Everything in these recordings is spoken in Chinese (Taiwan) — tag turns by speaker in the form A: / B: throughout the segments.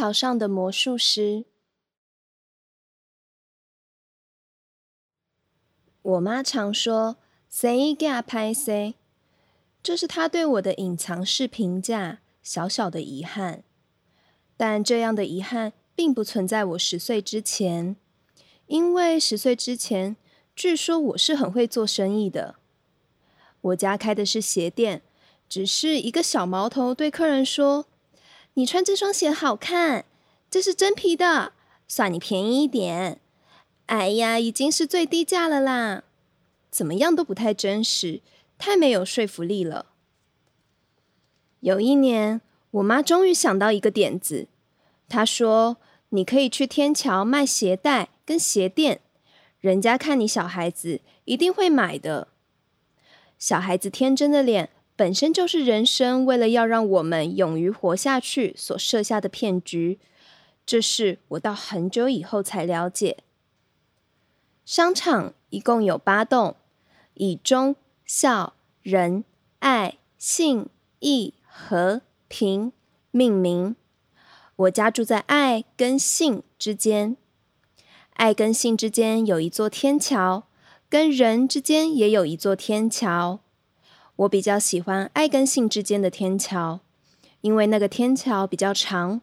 A: 橋上的魔術師，我媽常說「suí-kah-bē-suí」，這是她對我的隱藏式評價，小小的遺憾。但這樣的遺憾並不存在我十歲之前，因為十歲之前，據說我是很會做生意的。我家開的是鞋店，只是一個小毛頭對客人說。你穿這雙鞋好看，這是真皮的，算你便宜一點。哎呀，已經是最低價了啦，怎麼樣都不太真實，太沒有說服力了。有一年，我媽終於想到一個點子，她說：“你可以去天橋賣鞋帶跟鞋墊，人家看你小孩子，一定會買的。”小孩子天真的臉。本身就是人生為了要讓我們勇於活下去所設下的騙局。這是我到很久以後才了解。商場一共有八棟，以忠孝仁愛信義和平命名。我家住在愛跟信之間，愛跟信之間有一座天橋，跟人之間也有一座天橋。我比較喜歡愛跟信之間的天橋，因為那個天橋比較長。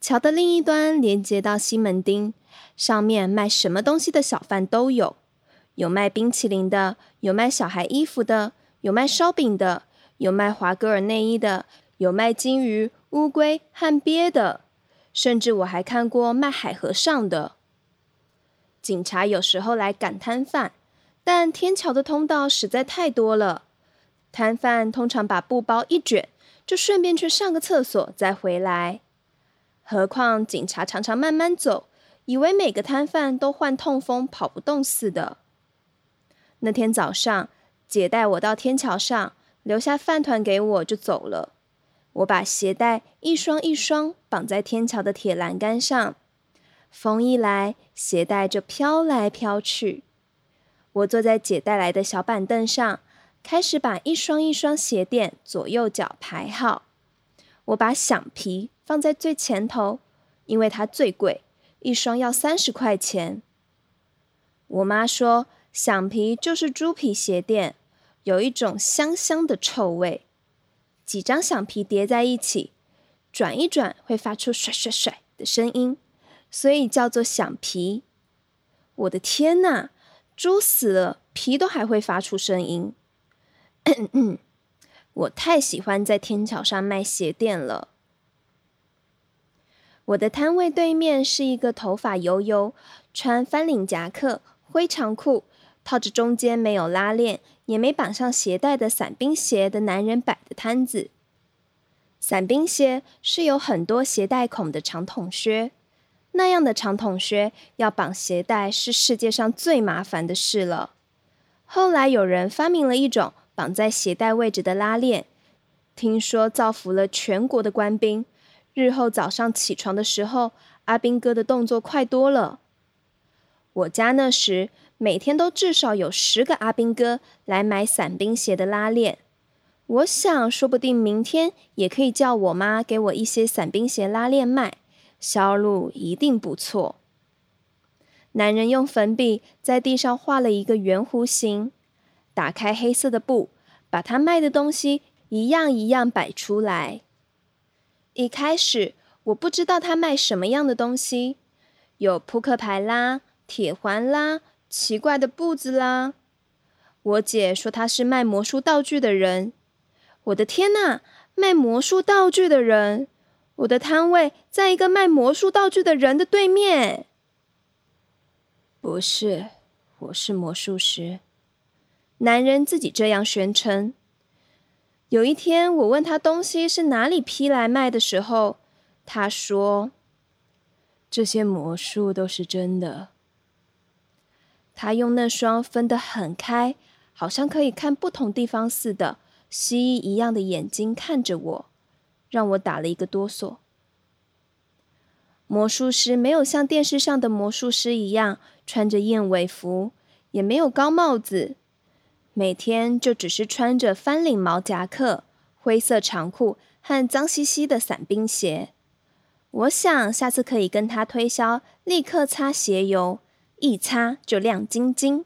A: 橋的另一端連接到西門町，上面賣什麼東西的小販都有：有賣冰淇淋的，有賣小孩衣服的，有賣燒餅的，有賣華歌爾內衣的，有賣金魚、烏龜和鱉的，甚至我還看過賣海和尚的。警察有時候來趕攤販，但天橋的通道實在太多了。攤販通常把布包一卷，就順便去上個廁所再回來。何況警察常常慢慢走，以為每個攤販都患痛風跑不動似的。那天早上，姐帶我到天橋上，留下飯糰給我就走了。我把鞋帶一雙一雙綁在天橋的鐵欄杆上，風一來，鞋帶就飄來飄去。我坐在姐帶來的小板凳上。開始把一雙一雙鞋墊左右腳排好。我把響皮放在最前頭，因為它最貴，一雙要三十塊錢。我媽說，響皮就是豬皮鞋墊，有一種香香的臭味。幾張響皮疊在一起，轉一轉會發出“甩甩甩”的聲音，所以叫做響皮。我的天哪，豬死了，皮都還會發出聲音！ 我太喜歡在天橋上賣鞋墊了。我的攤位對面是一個頭髮油油、穿翻領夾克、灰長褲、套着中間沒有拉鏈、也沒綁上鞋帶的傘兵鞋的男人擺的攤子。傘兵鞋是有很多鞋帶孔的長筒靴，那樣的長筒靴要綁鞋帶是世界上最麻煩的事了。後來有人發明了一種。綁在鞋帶位置的拉鏈，聽說造福了全國的官兵。日後早上起床的時候，阿兵哥的動作快多了。我家那時每天都至少有十個阿兵哥來買傘兵鞋的拉鏈。我想說不定明天也可以叫我媽給我一些傘兵鞋拉鏈賣，銷路一定不錯。男人用粉筆在地上畫了一個圓弧形。打開黑色的布，把他賣的東西一樣一樣擺出來。一開始我不知道他賣什麼樣的東西，有撲克牌啦、鐵環啦、奇怪的布子啦。我姐說他是賣魔術道具的人。我的天哪，賣魔術道具的人！我的攤位在一個賣魔術道具的人的對面。不是，我是魔術師。男人自己這樣宣稱：“有一天，我問他東西是哪裡批來賣的時候，他說：‘這些魔術都是真的。’他用那雙分得很開，好像可以看不同地方似的蜥蜴一樣的眼睛看着我，讓我打了一個哆嗦。魔術師沒有像電視上的魔術師一樣穿着燕尾服，也沒有高帽子。”每天就只是穿着翻領毛夾克、灰色長褲和髒兮兮的傘兵鞋。我想下次可以跟他推銷，立刻擦鞋油，一擦就亮晶晶。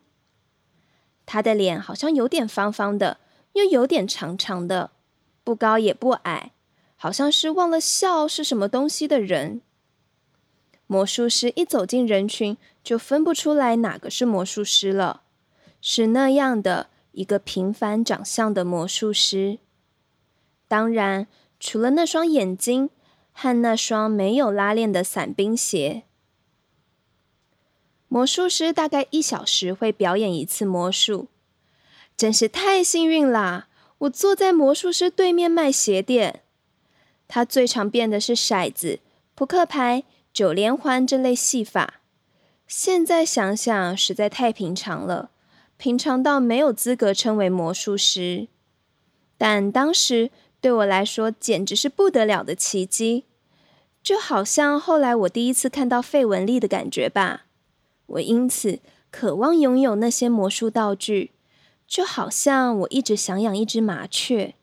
A: 他的臉好像有點方方的，又有點長長的，不高也不矮，好像是忘了笑是什麼東西的人。魔術師一走進人群，就分不出來哪個是魔術師了，是那樣的。一個平凡長相的魔術師，當然除了那雙眼睛和那雙沒有拉鏈的傘兵鞋。魔術師大概一小時會表演一次魔術，真是太幸運啦！我坐在魔術師對面賣鞋墊。他最常變的是骰子、撲克牌、九連環這類戲法。現在想想，實在太平常了。平常到沒有資格稱為魔術師，但當時對我來說簡直是不得了的奇蹟，就好像後來我第一次看到費雯麗的感覺吧。我因此渴望擁有那些魔術道具，就好像我一直想養一隻麻雀。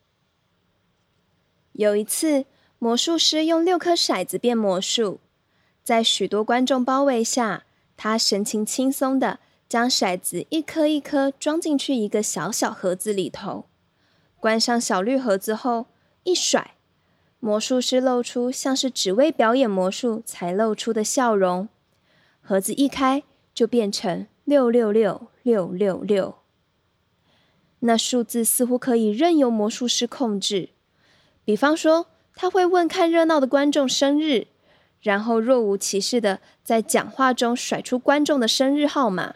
A: 有一次，魔術師用六顆骰子變魔術，在許多觀眾包圍下，他神情輕鬆地，將骰子一顆一顆裝進去一個小小盒子裡頭，關上小綠盒子後一甩，魔術師露出像是只為表演魔術才露出的笑容。盒子一開就變成六六六六六六，那數字似乎可以任由魔術師控制。比方說，他會問看熱鬧的觀眾生日，然後若無其事的在講話中甩出觀眾的生日號碼。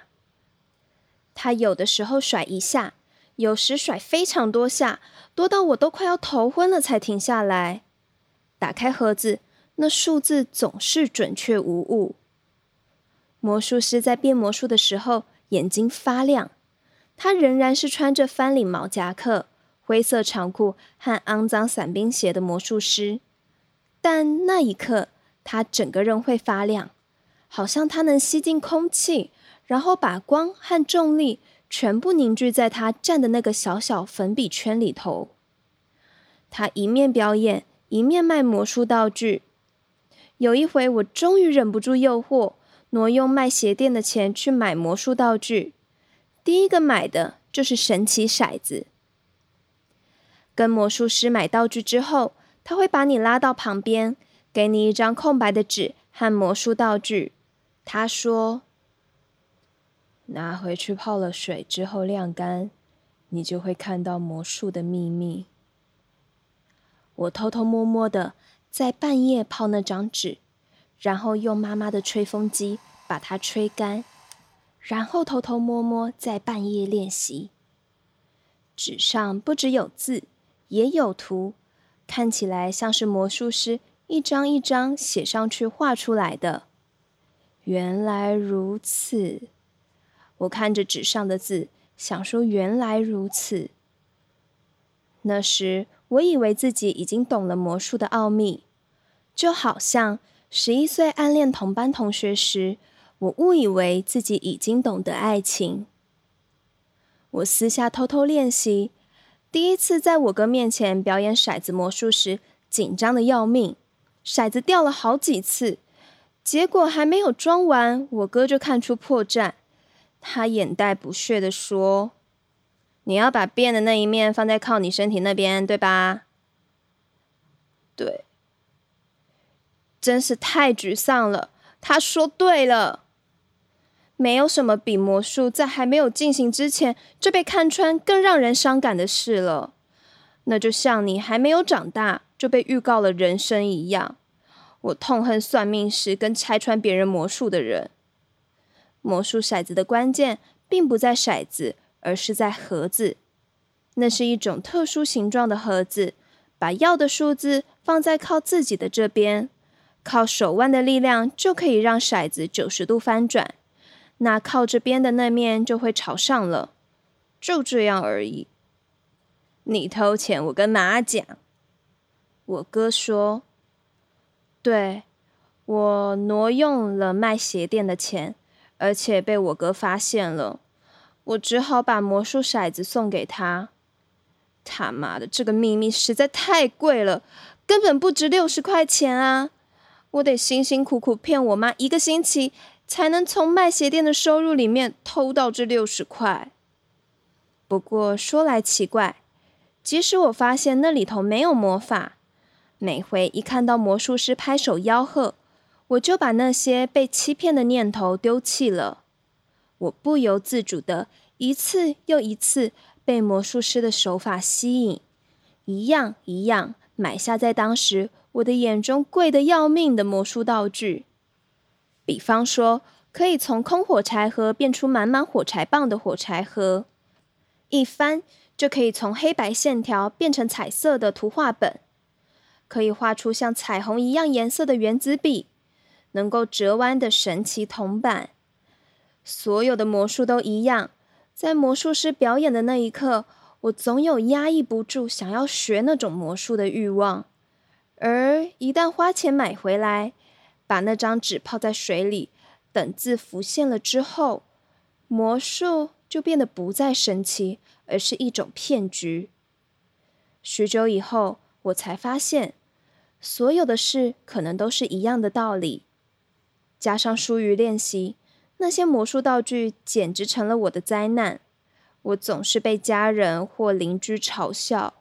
A: 他有的時候甩一下，有時甩非常多下，多到我都快要頭昏了才停下來。打開盒子，那數字總是準確無誤。魔術師在變魔術的時候眼睛發亮，他仍然是穿着翻領毛夾克、灰色長褲和骯髒傘兵鞋的魔術師。但那一刻他整個人會發亮，好像他能吸進空氣。然後把光和重力全部凝聚在他站的那個小小粉筆圈裡頭。他一面表演，一面賣魔術道具。有一回我終於忍不住誘惑，挪用賣鞋墊的錢去買魔術道具。第一個買的就是神奇骰子。跟魔術師買道具之後，他會把你拉到旁邊，給你一張空白的紙和魔術道具。他說。拿回去泡了水之後晾乾，你就會看到魔術的秘密。我偷偷摸摸的在半夜泡那張紙，然後用媽媽的吹風機把它吹乾，然後偷偷摸摸在半夜練習。紙上不只有字，也有圖，看起來像是魔術師一張一張寫上去畫出來的。原來如此。我看着紙上的字，想說：“原來如此。”那時，我以為自己已經懂了魔術的奧秘，就好像十一歲暗戀同班同學時，我誤以為自己已經懂得愛情。我私下偷偷練習，第一次在我哥面前表演骰子魔術時，緊張得要命，骰子掉了好幾次，結果還沒有裝完，我哥就看出破綻。他眼帶不屑的說：“你要把變的那一面放在靠你身體那邊，對吧？對，真是太沮喪了。”他說：“對了，沒有什麼比魔術在還沒有進行之前就被看穿更讓人傷感的事了。那就像你還沒有長大就被預告了人生一樣。我痛恨算命師跟拆穿別人魔術的人。”魔術骰子的關鍵並不在骰子，而是在盒子。那是一種特殊形狀的盒子，把要的數字放在靠自己的這邊，靠手腕的力量就可以讓骰子九十度翻轉。那靠這邊的那面就會朝上了，就這樣而已。你偷錢，我跟媽講。我哥說，對，我挪用了賣鞋墊的錢。而且被我哥發現了，我只好把魔術骰子送給他。他媽的，這個秘密實在太貴了，根本不值六十塊錢啊！我得辛辛苦苦騙我媽一個星期，才能從賣鞋墊的收入裡面偷到這六十塊。不過說來奇怪，即使我發現那裡頭沒有魔法，每回一看到魔術師拍手吆喝，我就把那些被欺騙的念頭丟棄了。我不由自主的一次又一次被魔術師的手法吸引，一樣一樣買下在當時我的眼中貴得要命的魔術道具。比方說，可以從空火柴盒變出滿滿火柴棒的火柴盒；一翻就可以從黑白線條變成彩色的圖畫本；可以畫出像彩虹一樣顏色的原子筆。能夠折彎的神奇銅板，所有的魔術都一樣。在魔術師表演的那一刻，我總有壓抑不住想要學那種魔術的慾望。而一旦花錢買回來，把那張紙泡在水裡，等字浮現了之後，魔術就變得不再神奇，而是一種騙局。許久以後，我才發現，所有的事可能都是一樣的道理。加上疏於練習，那些魔術道具簡直成了我的災難。我總是被家人或鄰居嘲笑。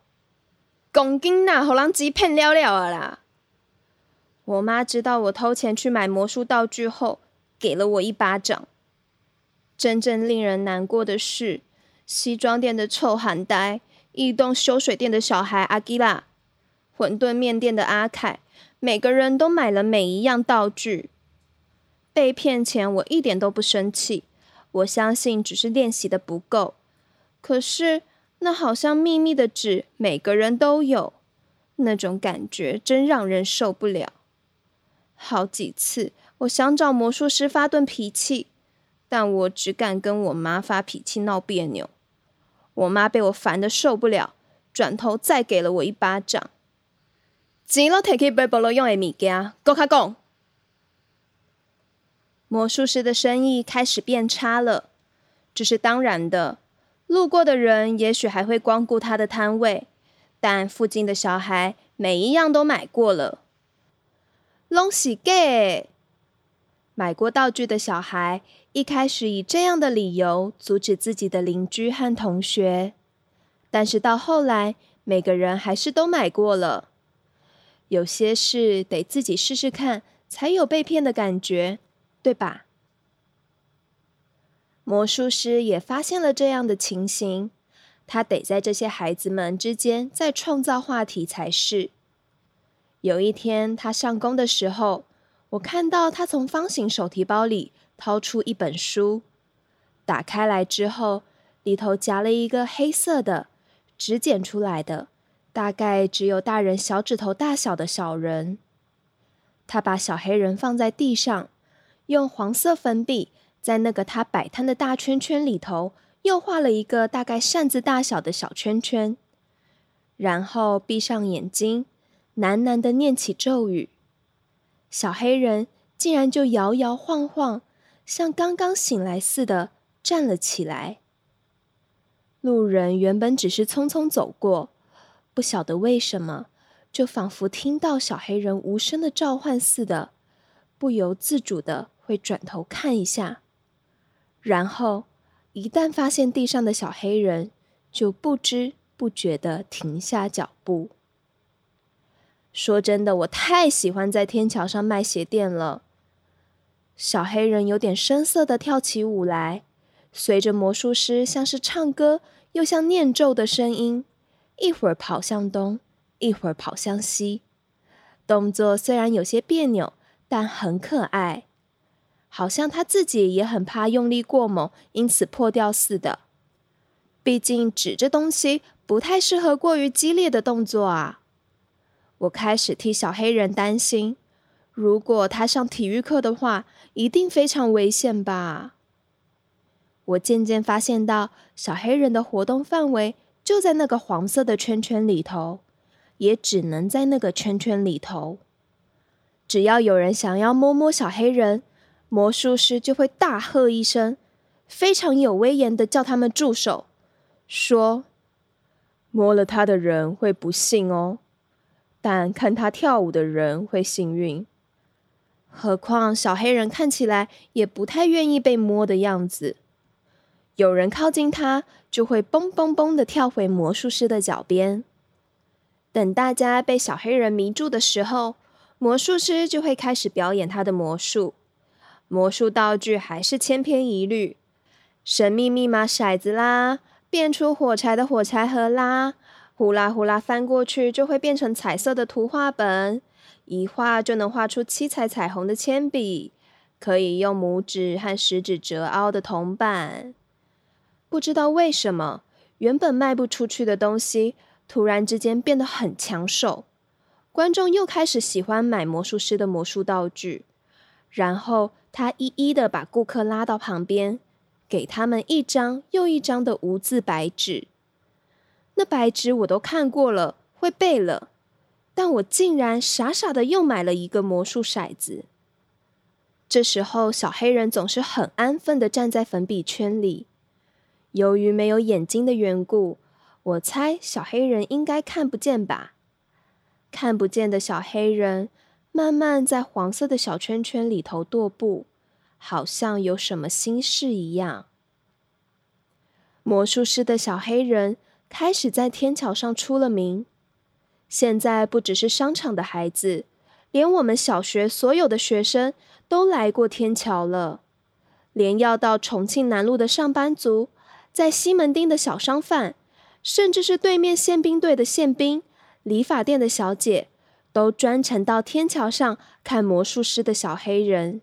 A: 公雞吶、啊，讓人欺騙了了啦！我媽知道我偷錢去買魔術道具後，給了我一巴掌。真正令人難過的是，西裝店的臭憨呆、一棟修水店的小孩阿基拉、餛飩麵店的阿凱，每個人都買了每一樣道具。被騙錢，我一點都不生氣，我相信只是練習得不夠。可是那好像秘密的紙，每個人都有，那種感覺真讓人受不了。好幾次我想找魔術師發頓脾氣，但我只敢跟我媽發脾氣鬧彆扭。我媽被我煩得受不了，轉頭再給了我一巴掌。錢都拿去買不老用的物件，公開講。魔術師的生意開始變差了，這是當然的。路過的人也許還會光顧他的攤位，但附近的小孩每一樣都買過了。攏是假。買過道具的小孩一開始以這樣的理由阻止自己的鄰居和同學，但是到後來每個人還是都買過了。有些事得自己試試看，才有被騙的感覺。對吧？魔術師也發現了這樣的情形，他得在這些孩子們之間再創造話題才是。有一天他上工的時候，我看到他從方形手提包裡掏出一本書，打開來之後，裡頭夾了一個黑色的，紙剪出來的，大概只有大人小指頭大小的小人。他把小黑人放在地上。用黃色粉筆在那個他擺攤的大圈圈裡頭，又畫了一個大概扇子大小的小圈圈，然後閉上眼睛，喃喃的念起咒語，小黑人竟然就搖搖晃晃，像剛剛醒來似的站了起來。路人原本只是匆匆走過，不曉得為什麼，就仿佛聽到小黑人無聲的召喚似的，不由自主的。會轉頭看一下，然後一旦發現地上的小黑人，就不知不覺地停下腳步。說真的，我太喜歡在天橋上賣鞋墊了。小黑人有點生澀的跳起舞來，隨着魔術師像是唱歌又像念咒的聲音，一會兒跑向東，一會兒跑向西，動作雖然有些別扭，但很可愛。好像他自己也很怕用力過猛，因此破掉似的。畢竟紙這東西不太適合過於激烈的動作啊。我開始替小黑人擔心，如果他上體育課的話，一定非常危險吧。我漸漸發現到，小黑人的活動範圍就在那個黃色的圈圈裡頭，也只能在那個圈圈裡頭。只要有人想要摸摸小黑人，魔術師就會大喝一聲，非常有威嚴的叫他們住手，說：“摸了他的人會不幸哦，但看他跳舞的人會幸運。何況小黑人看起來也不太願意被摸的樣子，有人靠近他，就會蹦蹦蹦的跳回魔術師的腳邊。等大家被小黑人迷住的時候，魔術師就會開始表演他的魔術。”魔術道具還是千篇一律，神秘密碼骰，骰子啦，變出火柴的火柴盒啦，呼啦呼啦翻過去就會變成彩色的圖畫本，一畫就能畫出七彩彩虹的鉛筆，可以用拇指和食指折凹的銅板。不知道為什麼，原本賣不出去的東西突然之間變得很搶手，觀眾又開始喜歡買魔術師的魔術道具，然後，他一一的把顧客拉到旁邊，給他們一張又一張的無字白紙。那白紙我都看過了，會背了，但我竟然傻傻的又買了一個魔術骰子。這時候，小黑人總是很安分的站在粉筆圈裡。由於沒有眼睛的緣故，我猜小黑人應該看不見吧？看不見的小黑人。慢慢在黃色的小圈圈裡頭踱步，好像有什麼心事一樣。魔術師的小黑人開始在天橋上出了名。現在不只是商場的孩子，連我們小學所有的學生都來過天橋了。連要到重慶南路的上班族，在西門町的小商販，甚至是對面憲兵隊的憲兵、理髮店的小姐。都專程到天橋上看魔術師的小黑人。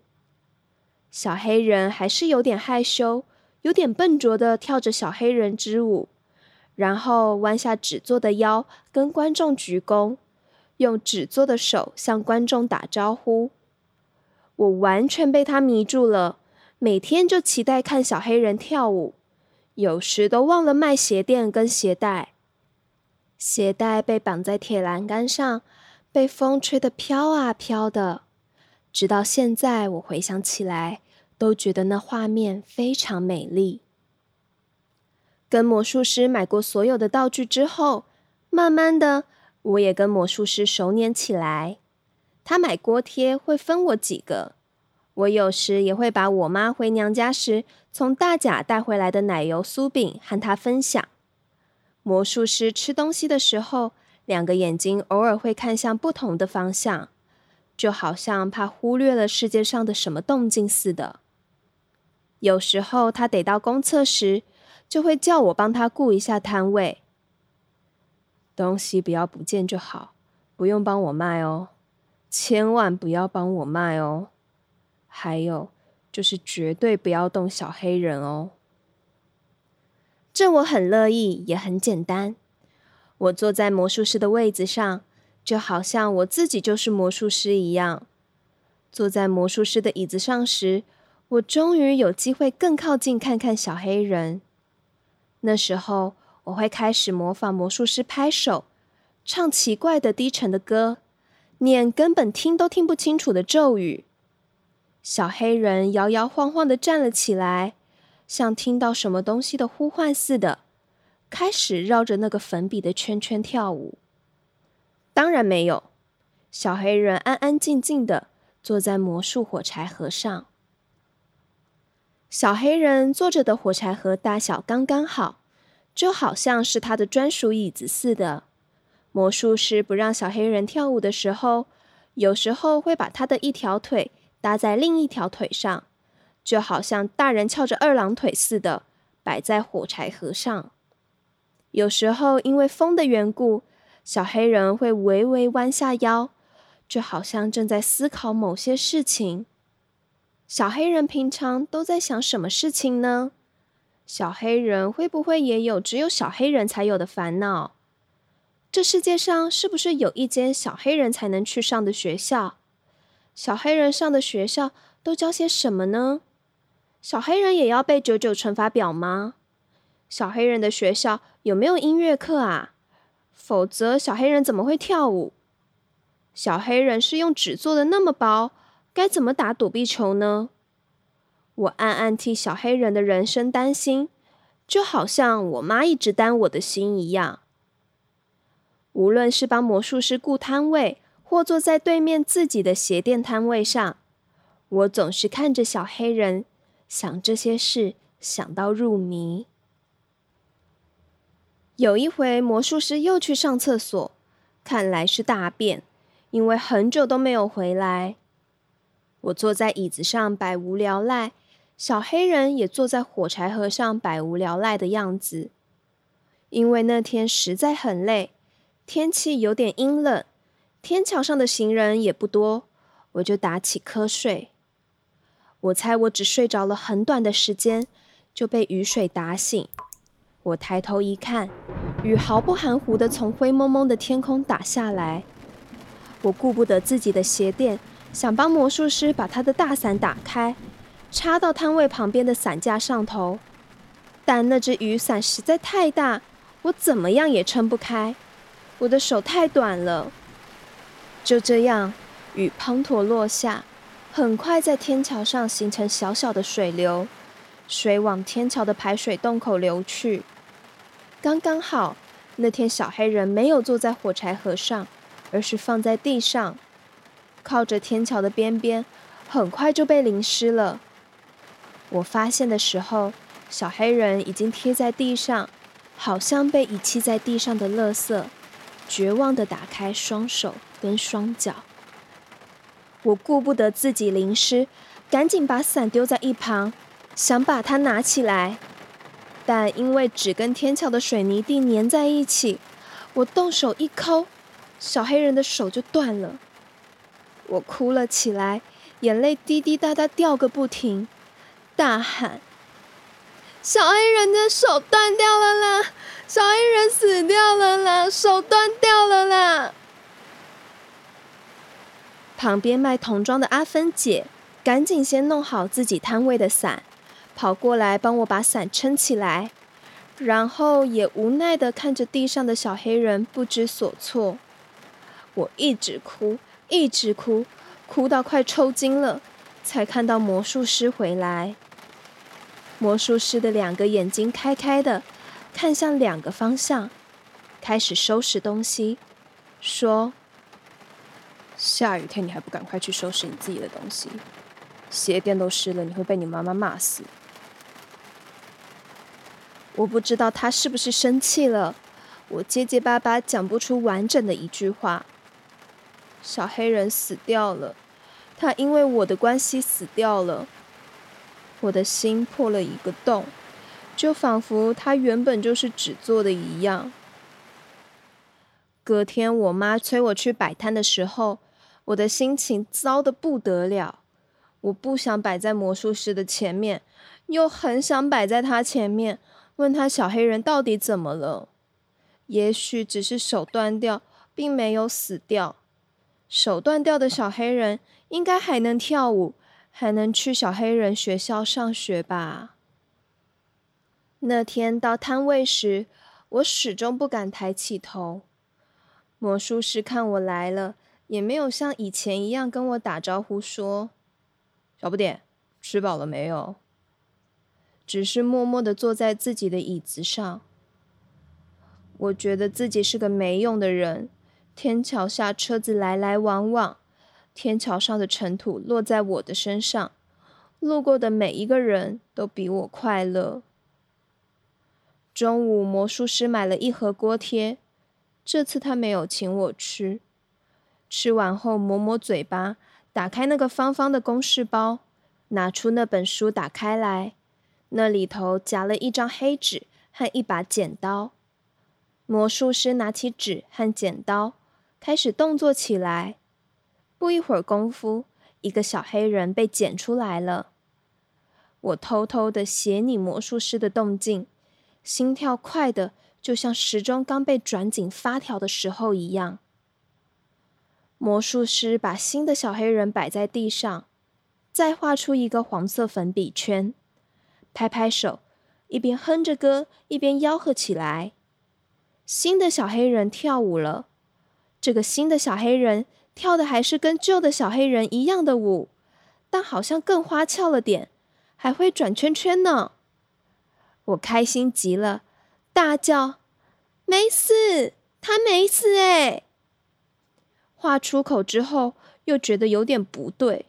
A: 小黑人還是有點害羞，有點笨拙地跳着小黑人之舞，然後彎下紙做的腰跟觀眾鞠躬，用紙做的手向觀眾打招呼。我完全被他迷住了，每天就期待看小黑人跳舞，有時都忘了賣鞋墊跟鞋帶。鞋帶被綁在鐵欄杆上。被風吹得飄啊飄的，直到現在，我回想起來，都覺得那畫面非常美麗。跟魔術師買過所有的道具之後，慢慢的，我也跟魔術師熟稔起來。他買鍋貼會分我幾個，我有時也會把我媽回娘家時從大甲帶回來的奶油酥餅和他分享。魔術師吃東西的時候，兩個眼睛偶爾會看向不同的方向，就好像怕忽略了世界上的什麼動靜似的。有時候他得到公廁時，就會叫我幫他顧一下攤位，東西不要不見就好，不用幫我賣哦，千萬不要幫我賣哦。還有，就是絕對不要動小黑人哦。這我很樂意，也很簡單。我坐在魔術師的位子上，就好像我自己就是魔術師一樣。坐在魔術師的椅子上時，我終於有機會更靠近看看小黑人。那時候，我會開始模仿魔術師拍手，唱奇怪的低沉的歌，念根本聽都聽不清楚的咒語。小黑人搖搖晃晃地站了起來，像聽到什麼東西的呼喚似的。開始繞着那個粉筆的圈圈跳舞。當然沒有，小黑人安安靜靜的坐在魔術火柴盒上。小黑人坐着的火柴盒大小剛剛好，就好像是他的專屬椅子似的。魔術師不讓小黑人跳舞的時候，有時候會把他的一條腿搭在另一條腿上，就好像大人翹着二郎腿似的，擺在火柴盒上。有時候因為風的緣故，小黑人會微微彎下腰，就好像正在思考某些事情。小黑人平常都在想什麼事情呢？小黑人會不會也有只有小黑人才有的煩惱？這世界上是不是有一間小黑人才能去上的學校？小黑人上的學校都教些什麼呢？小黑人也要背九九乘法表嗎？小黑人的學校。有沒有音樂課啊？否則小黑人怎麼會跳舞？小黑人是用紙做的，那麼薄，該怎麼打躲避球呢？我暗暗替小黑人的人生擔心，就好像我媽一直擔我的心一樣。無論是幫魔術師顧攤位，或坐在對面自己的鞋店攤位上，我總是看着小黑人，想這些事，想到入迷。有一回，魔術師又去上廁所，看來是大便，因為很久都沒有回來。我坐在椅子上，百無聊賴；小黑人也坐在火柴盒上，百無聊賴的樣子。因為那天實在很累，天氣有點陰冷，天橋上的行人也不多，我就打起瞌睡。我猜我只睡着了很短的時間，就被雨水打醒。我抬頭一看，雨毫不含糊地從灰蒙蒙的天空打下來。我顧不得自己的鞋墊，想幫魔術師把他的大傘打開，插到攤位旁邊的傘架上頭。但那只雨傘實在太大，我怎麼樣也撐不開，我的手太短了。就這樣，雨滂沱落下，很快在天橋上形成小小的水流。水往天橋的排水洞口流去。剛剛好，那天小黑人沒有坐在火柴盒上，而是放在地上，靠着天橋的邊邊，很快就被淋濕了。我發現的時候，小黑人已經貼在地上，好像被遺棄在地上的垃圾，絕望的打開雙手跟雙腳。我顧不得自己淋濕，趕緊把傘丟在一旁。想把它拿起來，但因為紙跟天橋的水泥地粘在一起，我動手一摳，小黑人的手就斷了。我哭了起來，眼淚滴滴答答掉個不停，大喊：“小黑人的手斷掉了啦！小黑人死掉了啦！手斷掉了啦！”旁邊賣童裝的阿芬姐趕緊先弄好自己攤位的傘。跑過來幫我把傘撐起來，然後也無奈地看着地上的小黑人不知所措。我一直哭，一直哭，哭到快抽筋了，才看到魔術師回來。魔術師的兩個眼睛開開的，看向兩個方向，開始收拾東西，說：“下雨天你還不趕快去收拾你自己的東西，鞋墊都濕了，你會被你媽媽罵死。”我不知道他是不是生氣了，我結結巴巴講不出完整的一句話。小黑人死掉了，他因為我的關係死掉了。我的心破了一個洞，就仿佛他原本就是紙做的一樣。隔天我媽催我去擺攤的時候，我的心情糟得不得了。我不想擺在魔術師的前面，又很想擺在他前面。問他小黑人到底怎麼了？也許只是手斷掉，並沒有死掉。手斷掉的小黑人應該還能跳舞，還能去小黑人學校上學吧？那天到攤位時，我始終不敢抬起頭。魔術師看我來了，也沒有像以前一樣跟我打招呼，說：“小不點，吃飽了沒有？”只是默默地坐在自己的椅子上。我覺得自己是個沒用的人。天橋下車子來來往往，天橋上的塵土落在我的身上。路過的每一個人都比我快樂。中午魔術師買了一盒鍋貼，這次他沒有請我吃。吃完後，抹抹嘴巴，打開那個方方的公事包，拿出那本書，打開來。那裡頭夾了一張黑紙和一把剪刀。魔術師拿起紙和剪刀，開始動作起來。不一會兒功夫，一個小黑人被剪出來了。我偷偷地斜睨魔術師的動靜，心跳快得就像時鐘剛被轉緊發條的時候一樣。魔術師把新的小黑人擺在地上，再畫出一個黃色粉筆圈。拍拍手，一邊哼着歌，一邊吆喝起來。新的小黑人跳舞了。這個新的小黑人跳的還是跟舊的小黑人一樣的舞，但好像更花俏了點，還會轉圈圈呢。我開心極了，大叫：“沒死，他沒死！”哎，話出口之後又覺得有點不對，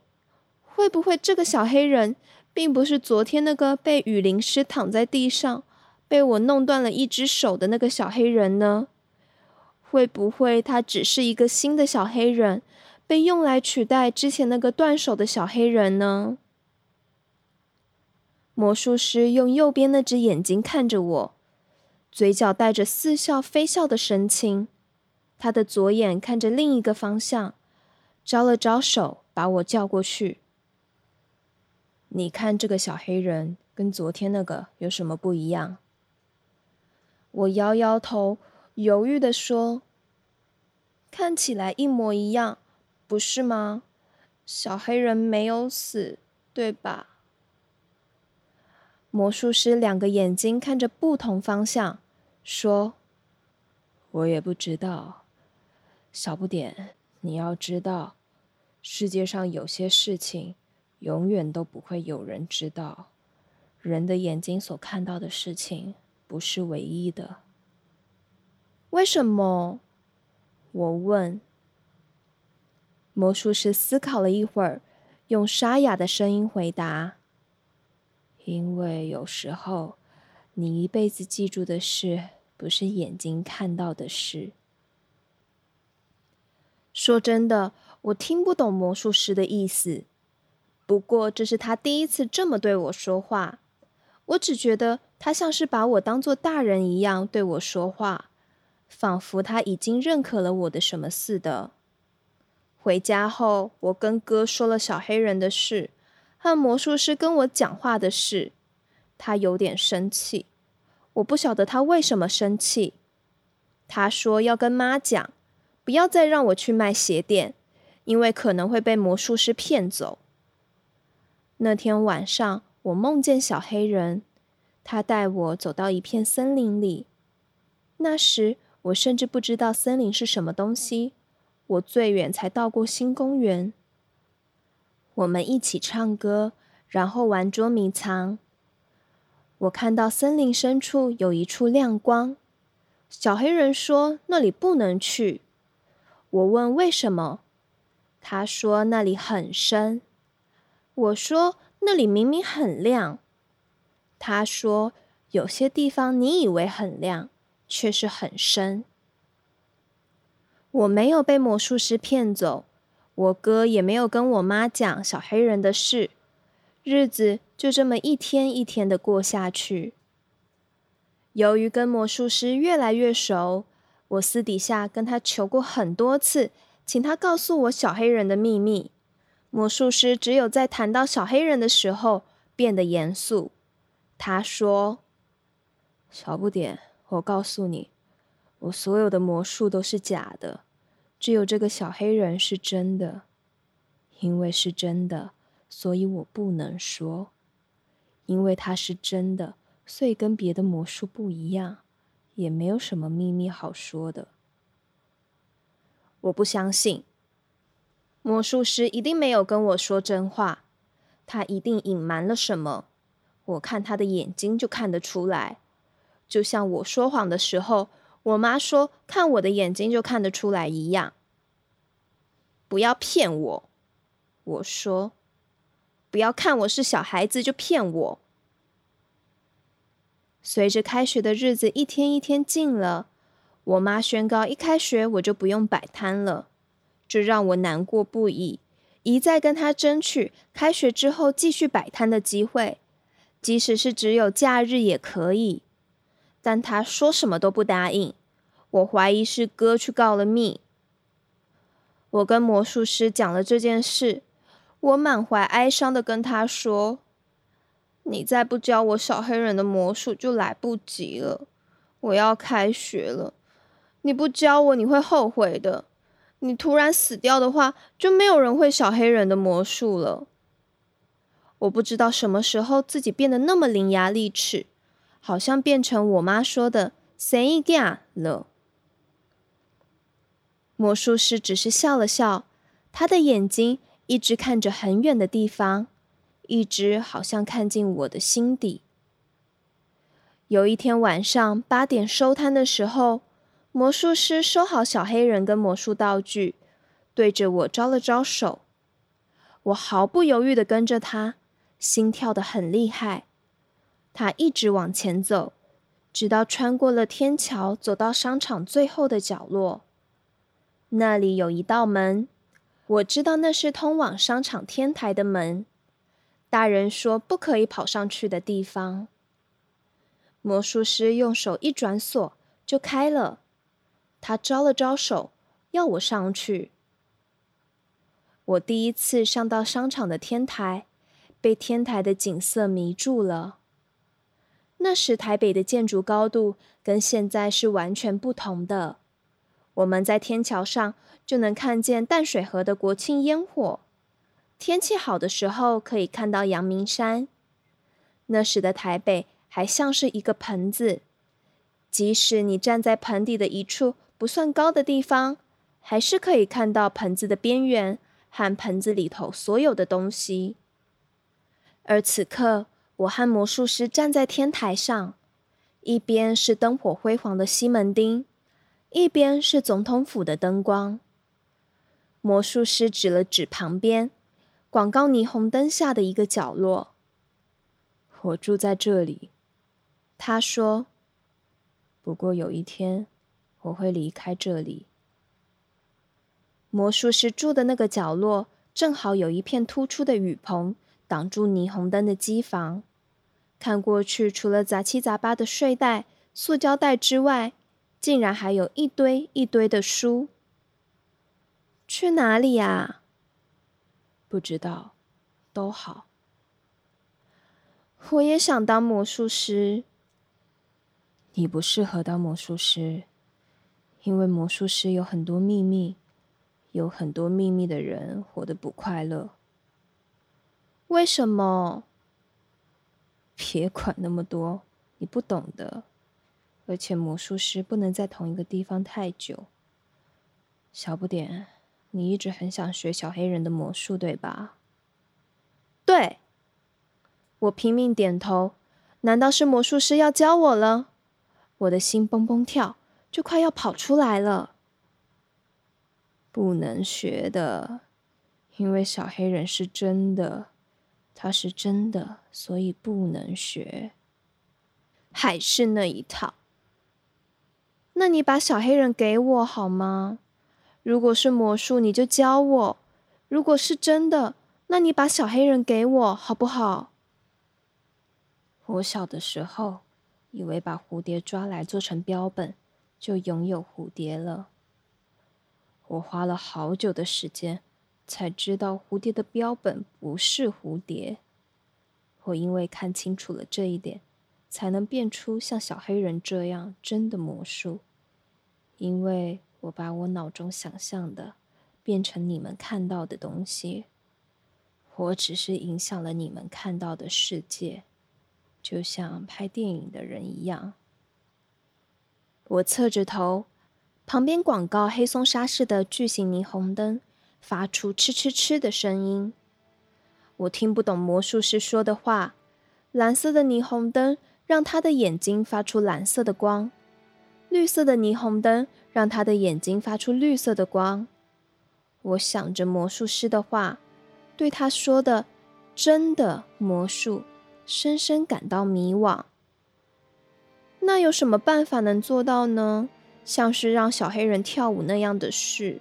A: 會不會這個小黑人？並不是昨天那個被雨淋濕、躺在地上、被我弄斷了一隻手的那個小黑人呢？會不會他只是一個新的小黑人，被用來取代之前那個斷手的小黑人呢？魔術師用右邊那隻眼睛看着我，嘴角帶着似笑非笑的神情。他的左眼看着另一個方向，招了招手，把我叫過去。你看這個小黑人跟昨天那個有什麼不一樣？我搖搖頭，猶豫地說：“看起來一模一樣，不是嗎？小黑人沒有死，對吧？”魔術師兩個眼睛看着不同方向，說：“我也不知道，小不點，你要知道，世界上有些事情。”永遠都不會有人知道，人的眼睛所看到的事情不是唯一的。為什麼？我問。魔術師思考了一會兒，用沙啞的聲音回答：“因為有時候，你一輩子記住的事，不是眼睛看到的事。”說真的，我聽不懂魔術師的意思。不過，這是他第一次這麼對我說話。我只覺得他像是把我當做大人一樣對我說話，仿佛他已經認可了我的什麼似的。回家後，我跟哥說了小黑人的事和魔術師跟我講話的事，他有點生氣。我不曉得他為什麼生氣。他說要跟媽講，不要再讓我去賣鞋墊，因為可能會被魔術師騙走。那天晚上，我夢見小黑人，他帶我走到一片森林裡。那時我甚至不知道森林是什麼東西，我最遠才到過新公園。我們一起唱歌，然後玩捉迷藏。我看到森林深處有一處亮光，小黑人說那裡不能去。我問為什麼，他說那裡很深。我說：“那裡明明很亮。”他說：“有些地方你以為很亮，卻是很深。”我沒有被魔術師騙走，我哥也沒有跟我媽講小黑人的事，日子就這麼一天一天地過下去。由於跟魔術師越來越熟，我私底下跟他求過很多次，請他告訴我小黑人的秘密。魔術師只有在談到小黑人的時候變得嚴肅。他說：“小不點，我告訴你，我所有的魔術都是假的，只有這個小黑人是真的。因為是真的，所以我不能說。因為他是真的，所以跟別的魔術不一樣，也沒有什麼秘密好說的。我不相信。”魔術師一定沒有跟我說真話，他一定隱瞞了什麼。我看他的眼睛就看得出來，就像我說謊的時候，我媽說看我的眼睛就看得出來一樣。不要騙我，我說，不要看我是小孩子就騙我。隨着開學的日子一天一天近了，我媽宣告一開學我就不用擺攤了。這讓我難過不已，一再跟他爭取開學之後繼續擺攤的機會，即使是只有假日也可以。但他說什麼都不答應，我懷疑是哥去告了密。我跟魔術師講了這件事，我滿懷哀傷的跟他說：“你再不教我小黑人的魔術就來不及了，我要開學了，你不教我你會後悔的。”你突然死掉的話，就沒有人會小黑人的魔術了。我不知道什麼時候自己變得那麼伶牙俐齒，好像變成我媽說的“神醫”了。魔術師只是笑了笑，他的眼睛一直看着很遠的地方，一直好像看進我的心底。有一天晚上八點收攤的時候。魔術師收好小黑人跟魔術道具，對着我招了招手。我毫不猶豫的跟着他，心跳得很厲害。他一直往前走，直到穿過了天橋，走到商場最後的角落。那裡有一道門，我知道那是通往商場天台的門，大人說不可以跑上去的地方。魔術師用手一轉鎖，就開了。他招了招手，要我上去。我第一次上到商場的天台，被天台的景色迷住了。那時台北的建築高度跟現在是完全不同的。我們在天橋上就能看見淡水河的國慶煙火，天氣好的時候可以看到陽明山。那時的台北還像是一個盆子，即使你站在盆底的一處，不算高的地方，還是可以看到盆子的邊緣和盆子裡頭所有的東西。而此刻，我和魔術師站在天台上，一邊是燈火輝煌的西門町，一邊是總統府的燈光。魔術師指了指旁邊廣告霓虹燈下的一個角落：“我住在這裡。”他說：“不過有一天。”我會離開這裡。魔術師住的那個角落，正好有一片突出的雨棚擋住霓虹燈的機房。看過去，除了雜七雜八的睡袋、塑膠袋之外，竟然還有一堆一堆的書。去哪裡啊？不知道，都好。我也想當魔術師。你不適合當魔術師。因為魔術師有很多秘密，有很多秘密的人活得不快樂。為什麼？別管那麼多，你不懂的。而且魔術師不能在同一個地方太久。小不點，你一直很想學小黑人的魔術，對吧？對。我拼命點頭，難道是魔術師要教我了？我的心蹦蹦跳，就快要跑出來了。不能學的，因為小黑人是真的，他是真的，所以不能學。還是那一套。那你把小黑人給我好嗎？如果是魔術，你就教我；如果是真的，那你把小黑人給我好不好？我小的時候，以為把蝴蝶抓來做成標本，就擁有蝴蝶了。我花了好久的時間，才知道蝴蝶的標本不是蝴蝶。我因為看清楚了這一點，才能變出像小黑人這樣真的魔術。因為我把我腦中想象的，變成你們看到的東西。我只是影響了你們看到的世界，就像拍電影的人一樣。我側着頭，旁邊廣告黑松沙士的巨型霓虹燈發出嗤嗤嗤的聲音。我聽不懂魔術師說的話。藍色的霓虹燈讓他的眼睛發出藍色的光，綠色的霓虹燈讓他的眼睛發出綠色的光。我想着魔術師的話，對他說的真的魔術，深深感到迷惘。那有什麼辦法能做到呢？像是讓小黑人跳舞那樣的事，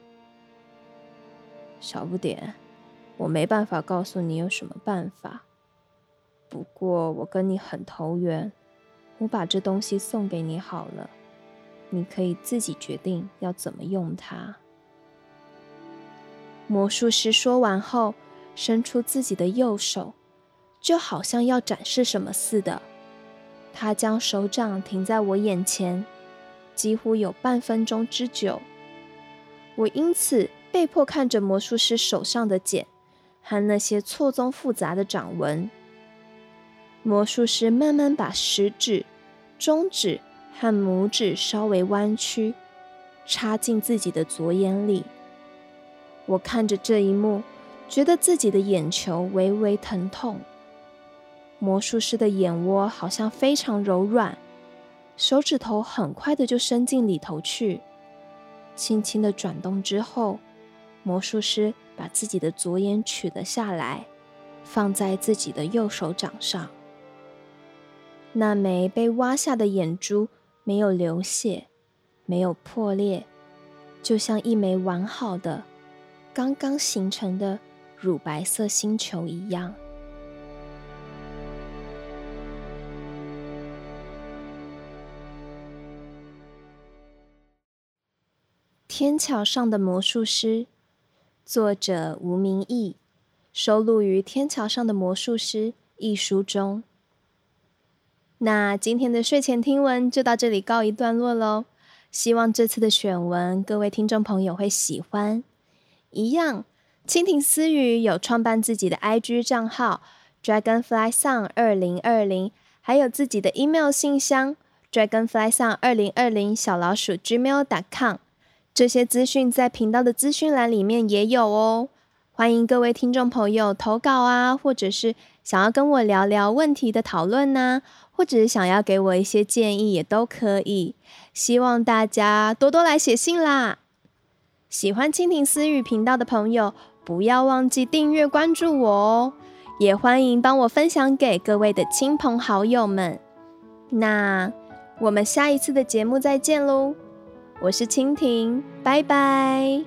A: 小不點，我沒辦法告訴你有什麼辦法。不過我跟你很投緣，我把這東西送給你好了，你可以自己決定要怎麼用它。魔術師說完後，伸出自己的右手，就好像要展示什麼似的。他將手掌停在我眼前，幾乎有半分鐘之久。我因此被迫看着魔術師手上的繭和那些錯綜複雜的掌紋。魔術師慢慢把食指、中指和拇指稍微彎曲，插進自己的左眼裡。我看着這一幕，覺得自己的眼球微微疼痛。魔術師的眼窩好像非常柔軟，手指頭很快的就伸進裡頭去，輕輕的轉動之後，魔術師把自己的左眼取了下來，放在自己的右手掌上。那枚被挖下的眼珠沒有流血，沒有破裂，就像一枚完好的、剛剛形成的乳白色星球一樣。天橋上的魔術師，作者吳明益，收錄於《天橋上的魔術師》一書中。那今天的睡前聽文就到這裡告一段落嘍。希望這次的選文各位聽眾朋友會喜歡。一樣，蜻蜓思雨有創辦自己的 IG 賬號 Dragonfly Sun 二零二零，還有自己的 email 信箱 Dragonfly Sun 二零二零小老鼠 gmail.com。這些資訊在頻道的資訊欄裡面也有哦。歡迎各位聽眾朋友投稿啊，或者是想要跟我聊聊問題的討論啊，或者是想要給我一些建議也都可以。希望大家多多來寫信啦。喜歡蜻蜓私語頻道的朋友，不要忘記訂閱關注我哦。也歡迎幫我分享給各位的親朋好友們。那我們下一次的節目再見嘍。我是蜻蜓，拜拜。